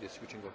disputing